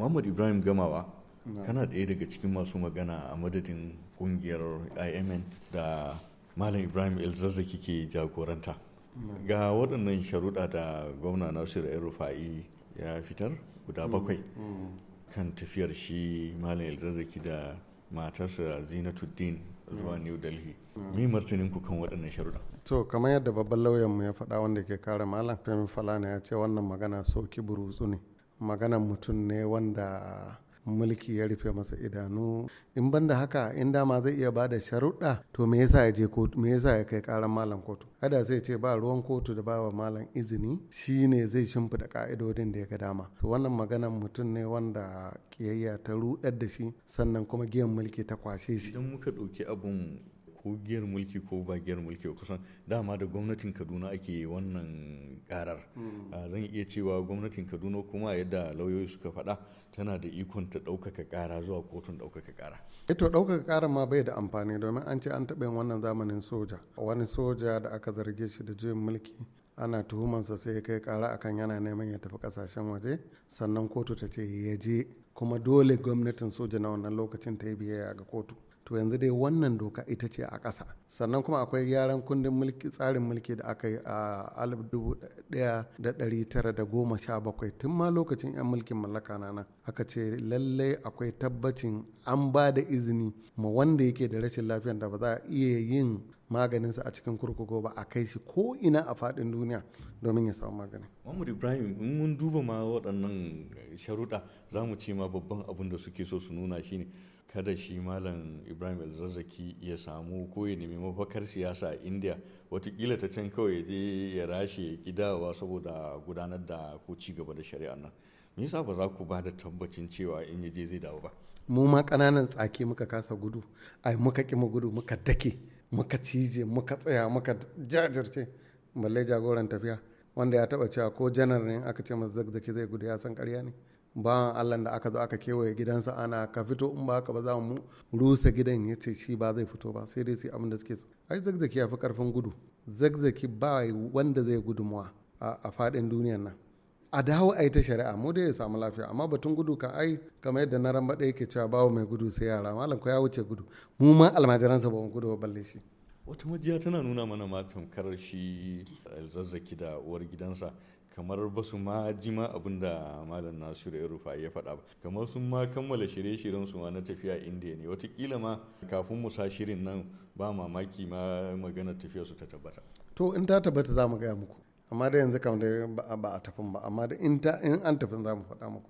muhammad ibrahim gamawa kana ɗaya daga cikin masu magana a madadin ƙungiyar imn da malam ibrahim elzazzaki ke jagoranta ga waɗannan sharuɗa da gwamna nasiru ya rufa'i ya fitar guda mm, bakwai mm. kan tafiyar shi malam elzazzaki da matarsa zinatuddin mm. zuwa new delhi mi martinin ku kan waɗannan sharuɗa to kamar yadda babban lauyanmu ya faɗa wanda ke kare malam femi falana ya ce wannan magana sauki burutsu ne maganan mutum ne wanda mulki ya rufe masa idanu in ban da haka in dama zai iya bada sharuɗa to me yasa ya je kotu me yasa ya kai karan malam kotu Kada sai ce ba ruwan kotu da bawa malam izini shine zai shimfida ka'idodin da ya ga dama to wannan maganan mutum ne wanda kiyayya ta ruɗar da shi sannan kuma giyan mulki ta kwashe shi idan muka ɗauki abun ko giyar mulki ko ba giyar mulki kusan dama da gwamnatin kaduna ake wannan karar hmm. ah, zan iya cewa gwamnatin kaduna kuma yadda lauyoyi suka faɗa tana da ikon ta ɗaukaka ƙara zuwa kotun ɗaukaka kara ito eh ɗaukaka ƙara ma bai da amfani domin an ce an taɓa yin wannan zamanin soja wani soja da aka zarge shi da juyin mulki ana tuhumansa sai ya kai kara akan yana neman ya tafi ƙasashen waje sannan kotu ta ce ya je kuma dole gwamnatin soja na wannan lokacin ta yi biyayya ga kotu to yanzu dai wannan doka ita ce a ƙasa sannan kuma akwai gyaran kundin mulki tsarin mulki da aka yi a 1917 tun ma lokacin 'yan mulkin mallaka na nan aka ce lallai akwai tabbacin an ba da izini ma wanda yake da rashin lafiyar da ba za a iya yin maganinsa a cikin kurkuku ba a kai shi ko ina a faɗin duniya domin ya samu magani. Ibrahim in mun duba ma waɗannan sharuɗa za mu ce ma babban abin da suke so su nuna shine kada shi malam ibrahim alzazzaki ya samu ko ya nemi mafakar siyasa a india watakila ta can kawai ya je ya rashe gidawa saboda gudanar da ko ci gaba da shari'a nan me yasa ba za ku ba da tabbacin cewa in ya je zai dawo ba mu ma kananan tsaki muka kasa gudu ai muka kima gudu muka dake muka cije muka tsaya muka jajirce balle jagoran tafiya wanda ya taba cewa ko janar ne aka ce masa zagzaki zai gudu ya san karya ne bawan allah da aka zo aka kewaye gidansa ana ka fito in ba ka ba za mu rusa gidan ya ce shi ba zai fito ba sai dai sai abin da suke so ai zagzaki ya fi karfin gudu zagzaki ba wanda zai gudumawa a faɗin duniyan nan a dawo a yi ta shari'a mu dai ya samu lafiya amma batun gudu ka ai kamar yadda na ɗaya yake cewa bawo mai gudu sai yara malam ko ya wuce gudu mu ma almajiransa ba mu gudu ba balle shi wata majiya tana nuna mana matan tamkar shi eh, zazzaki da uwar gidansa kamar ba su ma ji ma abin da malam nasiru ya rufa ya faɗa ba kamar sun ma kammala shirye-shiryen su ma na tafiya indiya ne watakila ma kafin mu sa shirin nan ba mamaki ma magana tafiya su ta tabbata to in ta tabbata za mu gaya muku amma da yanzu kam da ba a tafin ba amma da in an tafin za mu faɗa muku